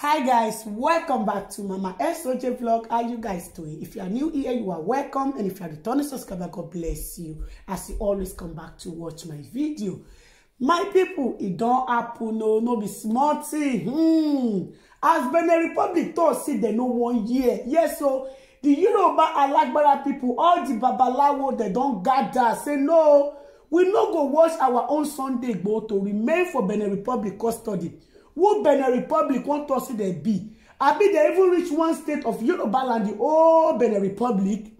hi guys welcome back to mama soj vlog how you guys doing if you are new here you are welcome and if you are returning subscriber god bless you as you always come back to watch my video my people it don't happen No, no be smarty. thing hmm. as benin republic talk say they no one hear yes o the yoruba alagbara people all the babalawo dem don gather say no we no go watch our own sunday go to remain for benin republic custody who benin republic wan talk say dem be abi they even reach one state of yoruba land the whole benin republic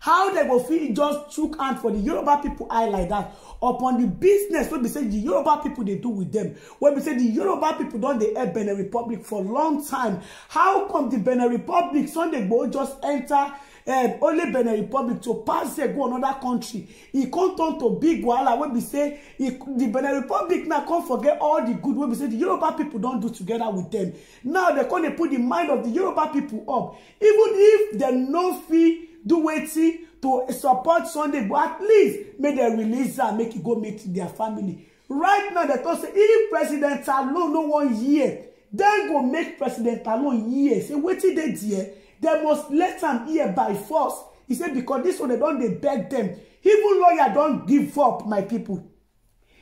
how they go feel? just took hand for the yoruba people eye like that upon the business What be say the yoruba people they do with them? wey be say di yoruba pipo don dey help benin republic for long time how come di benin republic sunday go just enter? um only benin republic to pass there go another country e come turn to big wahala wey be say the benin republic now come forget all the good wey be say The yoruba people don do together with them. now dem come dey put the mind of the yoruba people up even if they no fit do wetin to support sunday but at least make they release am make e go meet their family right now they tok say if president alone no wan hear then go make president alone hear say wetin dey there dem must let am hear by force he say "because this one dem don dey beg dem even lawyer don give up my people."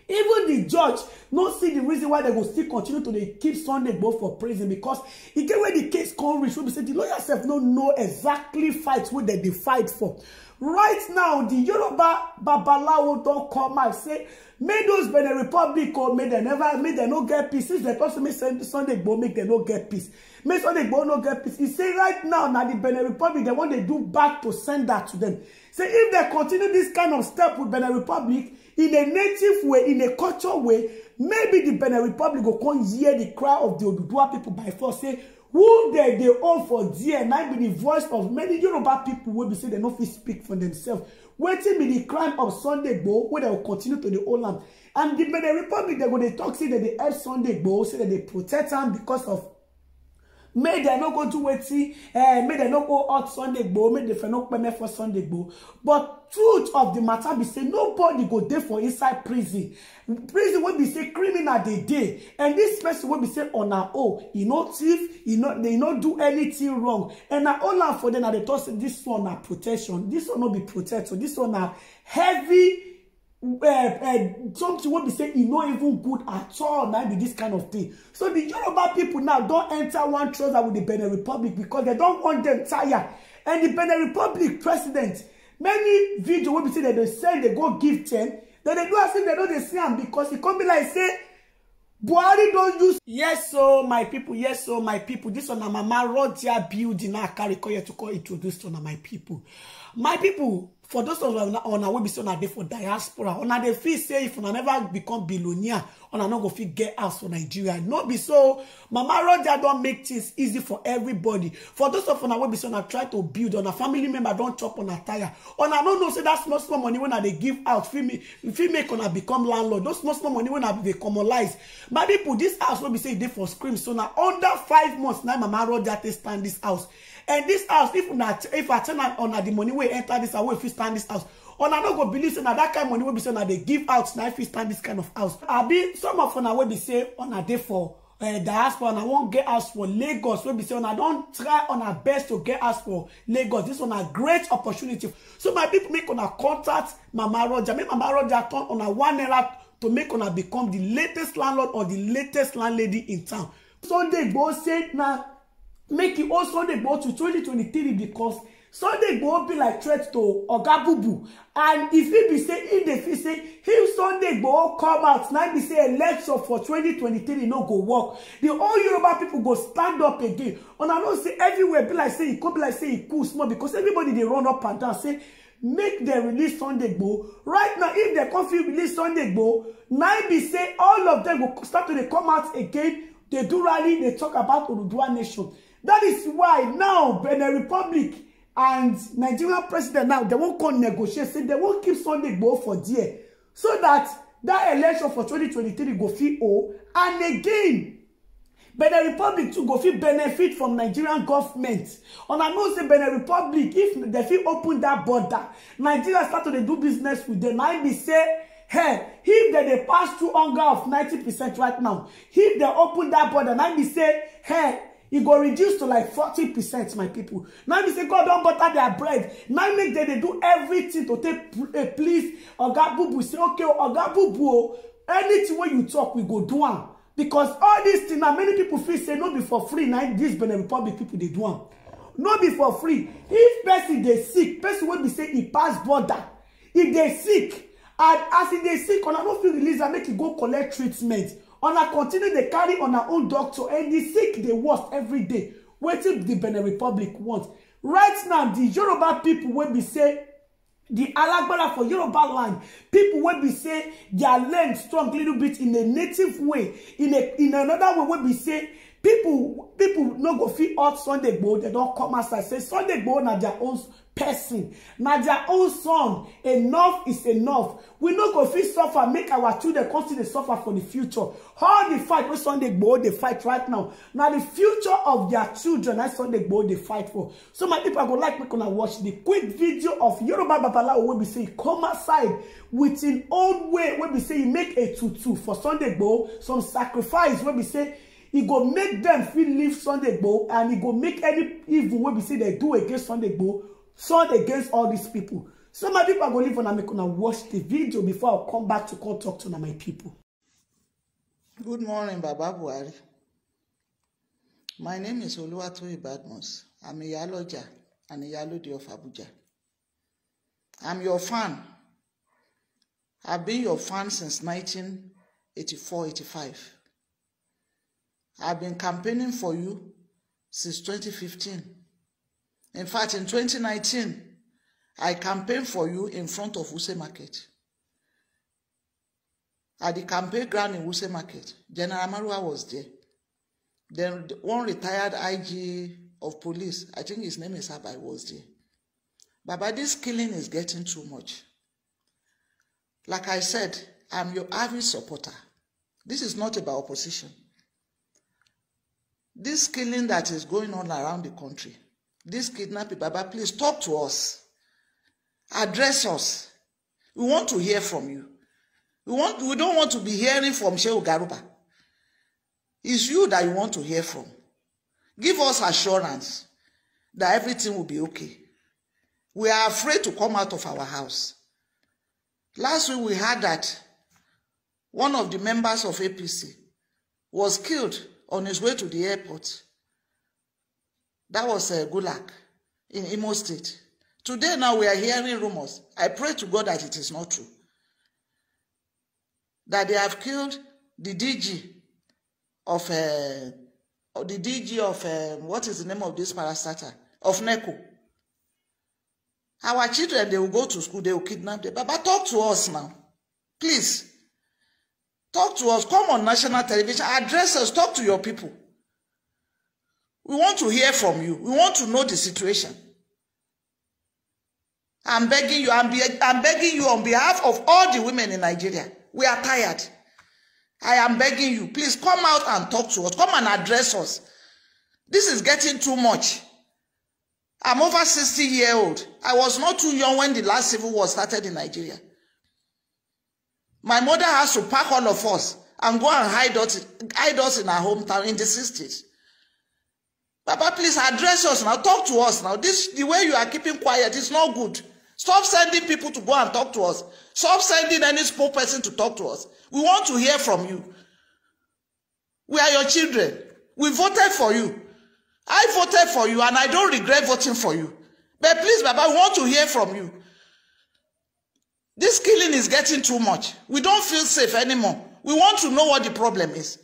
even the judge no see the reason why they go still continue to dey keep sunday go for prison because e get where the case come reach wey be say the lawyer sef no know exactly fight wey dem dey fight for right now the yoruba babalawo don come out say make those benin republic o oh, make dem never make dem no get peace since dem talk say make sunday igboho make dem no get peace make sunday igboho no get peace e say right now na the benin republic dem wan dey do back to send that to dem say if dem continue this kind of step with benin republic in a native way, in a cultural way, maybe the Benin Republic will come hear the cry of the Odudua people by force, say, who they they own for dear might be the voice of many Yoruba people will be saying, they no fit speak for themselves. Waiting be the crime of Sunday Igboho where they will continue to the old land. And the Benin Republic, they go they talk say that they help Sunday Igboho, say that they protect them because of May dem no go do wetin eh May dem no go hurt sunday gboo make dem no peme for sunday gboo but truth of the matter be say nobody go dey for inside prison prison wey be say criminal dey dey and this person wey be say on her own e no thief e no do anything wrong and na all am for dem na dey talk say dis one na protection This one no be protection This one na heavy uh, uh, something wey be saying e no even good at all na be this kind of thing so the yoruba people now don enter one trouser with the benin republic because they don want them tire and the benin republic president many video wey be say dem dey send dey go give ten dem dey do as if dem no dey see am because e come be like say buhari don use. yes o so, my people yes o so, my people this one na mama rodia building na i carry come here to call introduce to una my people my people for those of una una wey be say una dey for diaspora una dey feel say if una never become billionaire una no go fit get house for nigeria no be so mama roger don make things easy for everybody for those of una wey be say una try to build una family member don chop una tire una no know say that small small money wey una dey give out fit make una become landlord those small small money wey una dey commonize my people this house wey be say e dey for scream so na under five months na mama roger take stand this house and this house if not, if i turn am on the money we enter this house We fit stand this house una no go believe say na dat kind money wey be saying that they give out Now if fit stand this kind of house I be some of una wey be say una dey for eh, diaspora una wan get house for lagos wey be saying una Don't try una best to get house for lagos This one a great opportunity so my people make una contact mama roger make mama roger turn una one era to make una become the latest landlord or the latest landlady in town So they go say na make e hold sunday igboho to 2023 because sunday igboho be like threat to oga bubu and e fit be say e dey feel say if sunday igboho come out na be say election for 2023 no go work the whole yoruba people go stand up again una know say everywhere be like say e come be like say e cool small because everybody dey run up and down say make dem release sunday igboho right now if dem come fit release sunday igboho na be say all of dem go start to dey come out again dey do rally dey talk about oduduwa nation That is why now Benin Republic and Nigerian president now, they won't come negotiate, say they won't keep Sunday Igboho for there. So that that election for 2023 go fit oh and again benin republic to go fit benefit from nigerian government una know say benin republic if they feel open that border nigeria start to do business with them. I be say hey, if they dey pass through hunger of 90 percent right now if they open that border na im be say hey, It go reduce to like 40 percent my people. now they say god don't butter their bread now make dem they do everything to take a eh, please oga bubu say okay oga oh, bubu oh, anything wey you talk we go do one because all these things. Now many people feel say no be for free Now dis benin republic pipo dey do one, no be for free if person they sick person wey be say he pass border If they sick and as if they sick una no feel release I make you go collect treatment una continue dey carry una own doctor and the sick dey worst every day wetin di benin republic want right now di yoruba pipo wey be say di alagbara for yoruba land pipo wey be say dia learn strong little bit in a native way in a in another way wey be say People, people no go fit hurt sunday gboo They don come outside say sunday gboo na their own person na their own son enough is enough we no go fit suffer make our children continue dey suffer for the future all di fight wey sunday gboo dey fight right now na the future of their children na sunday gboo dey fight for so my people, i go like make una watch the quick video of yoruba babalawo wey be say e come aside with im own way wey be say e make a tutu for sunday gboo some sacrifice wey be say e go make dem fit leave sunday go and e go make any evil wey be say dem do against sunday go turn against all these people. so my pipo go leave una make una watch the video before i come back to come talk to na my people. good morning baba buhari my name is oluwatoyin badmus i'm iyaloja and iyalode of abuja i'm your fan i've been your fan since 1984 85 I've been campaigning for you since 2015. In fact, in 2019, I campaigned for you in front of Wuse Market. At the campaign ground in Wuse Market, General Marua was there. Then one retired IG of police, I think his name is Abai, was there. But by this killing is getting too much. Like I said, I'm your avid supporter. This is not about opposition this killing that is going on around the country, this kidnapping, Baba, please talk to us. Address us. We want to hear from you. We, want, we don't want to be hearing from Shehu Garuba. It's you that you want to hear from. Give us assurance that everything will be okay. We are afraid to come out of our house. Last week we heard that one of the members of APC was killed on his way to the airport. That was uh, luck in Imo State. Today now we are hearing rumors. I pray to God that it is not true. That they have killed the DG of uh, the DG of uh, what is the name of this parastatal of NECO. Our children they will go to school, they will kidnap them. Baba, talk to us now. Please talk to us. Come on national television. Address us. Talk to your people. We want to hear from you. We want to know the situation. I'm begging you. I'm, be, I'm begging you on behalf of all the women in Nigeria. We are tired. I am begging you. Please come out and talk to us. Come and address us. This is getting too much. I'm over 60 year old. I was not too young when the last civil war started in Nigeria. My mother has to pack all of us and go and hide us, hide us in our hometown in the 60 Papa, please address us now. Talk to us now. This the way you are keeping quiet is not good. Stop sending people to go and talk to us. Stop sending any person to talk to us. We want to hear from you. We are your children. We voted for you. I voted for you and I don't regret voting for you. But please, Baba, we want to hear from you. This killing is getting too much. We don't feel safe anymore. We want to know what the problem is.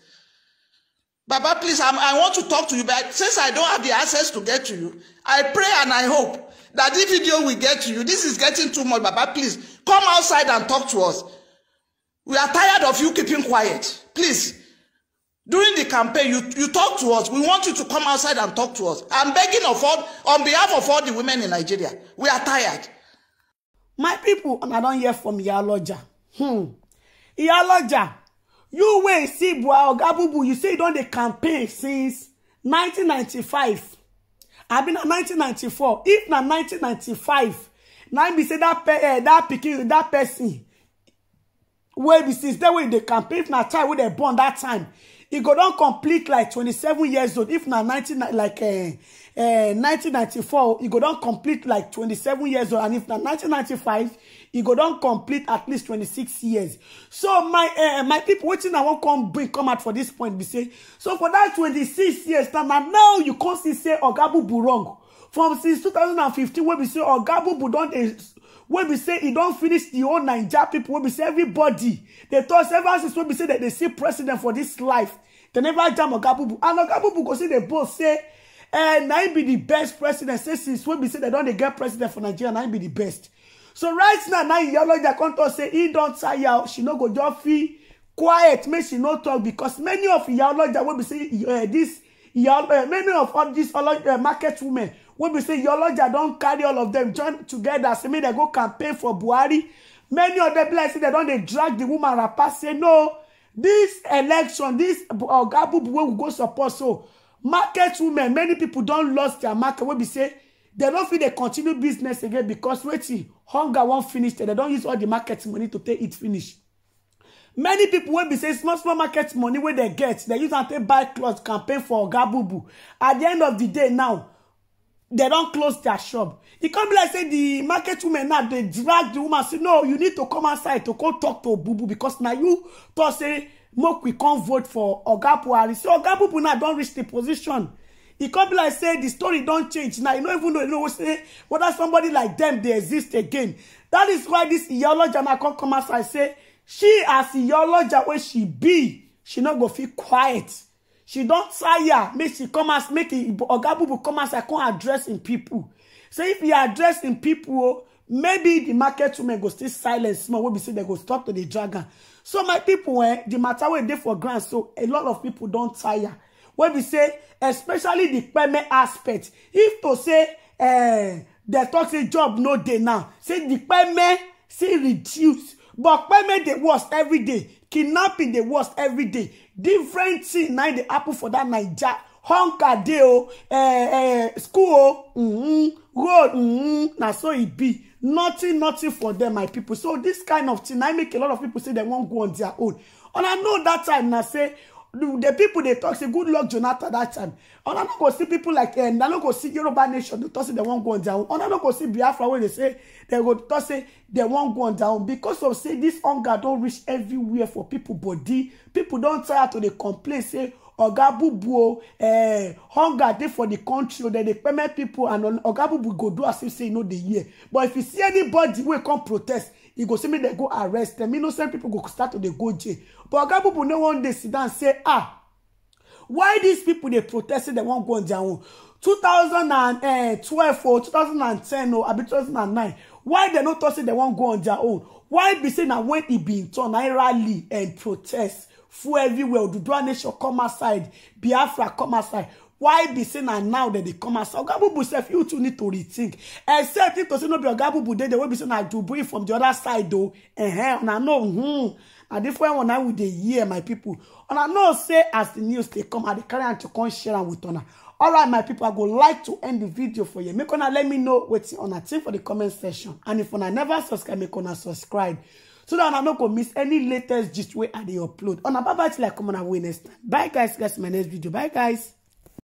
Baba, please, I'm, I want to talk to you, but since I don't have the access to get to you, I pray and I hope that this video will get to you. This is getting too much, Baba. Please, come outside and talk to us. We are tired of you keeping quiet. Please, during the campaign, you, you talk to us. We want you to come outside and talk to us. I'm begging of all, on behalf of all the women in Nigeria. We are tired my people and i don't hear from iyaloja hmm iyaloja you wey see bua oga you say you don dey campaign since 1995 i been na 1994 if not 1995 na be say that eh, that pikin that person wey be since then wey the campaign if na time wey they born that time He go don complete like twenty seven years old if na eh, eh, nineteen like uh, uh, four, he go don complete like twenty seven years old and if na nineteen ninety five, he go don complete at least twenty six years so my uh, my people, wetin i wan come bring come out for this point be say so for that twenty six years na now you come see say ogabubu wrong from since two thousand and fifteen. wey be say ogabubu don dey When we say he don't finish the whole Niger people, when we say everybody dey talk several since when we say that they see president for this life they never jam oga bubu and oga bubu go see dey both say eh na be the best president say since when we say they don't get president for nigeria na be the best so right now now na iyaloja come talk say he don't tire she no go just feel quiet make she no talk because many of y'all that wey be say dis eh, eh, many of all dis eh, market women wey be say iyoloja don carry all of them join together. say make dem go campaign for buhari many of dem be like say dem don dey drag the woman rapper say no this election this oga bubu wey we go support so market women many people don lost their market wey be say dem no fit dey continue business again becos wetin hunger wan finish dem don use all the market money to take it finish many people wey be say small small market money wey dem get dem use am take buy cloth campaign for oga bubu at the end of the day now They don close their shop e come be like say the market women now dey drag the woman say no you need to come outside to go talk to Obubu because na you talk say make we come vote for oga buhari so oga bubu now don reach the position e come be like say the story don change now you no even know you know say whether somebody like them dey exist again that is why this iyaloja now come come outside say she as iyaloja wey she be she no go feel quiet she don't tire make she come as make oga bubu come as i can't address in people. So if e address in people, oh, maybe the market women go still silent. small will be say they go stop to the dragon. so my people, eh di matter wey dey for grant. so a lot of people don't tire When we say especially the payment aspect if to say eh dem talk say job no dey now say the payment see reduce but payment dey worse every day kidnapping dey worst every day different thing na dey happen for that naija hunger dey o eh, eh, school o mm -hmm, road mm -hmm, na so e be nothing nothing for them my people so this kind of thing na make a lot of people say they wan go on their own And I know that time na say the, people they talk say good luck jonathan that time una no go see people like eh, una no go see yoruba nation dey talk say dem wan go on their own una no go see biafra wey dey say dem go talk say dem wan go on their own because of say this hunger don reach everywhere for people body people don tire to dey complain say oga bubu o eh, hunger dey for the country o dem dey permit people and oga bubu go do as if say e no dey hear but if you see anybody wey come protest e go see me dey go arrest dem innocent people go start to dey go jail but oga bubu no wan dey sit down say ah why these people dey protest say dem wan go on their own 2012 eh, or 2010 or abi 2009 why they no tok say They wan go on their own why be say na wen e bin turn i rally and protest full everywhere oduduwa nation come aside biafra come aside why be say na now dem dey come outside oga bubu sef you too need to rethink except if to say no be oga bubu dey there wey be say na bring from the other side o ehn una know hmm na different one na we dey hear my people una know say as the news dey come i dey carry am to come share am with una all right my people i go like to end the video for you make una let me know wetin una think for the comment section and if una never subscribe make una subscribe so that una no go miss any latest gist wey i dey upload una bye bye till i come on away next time bye guys guys my next video bye guys.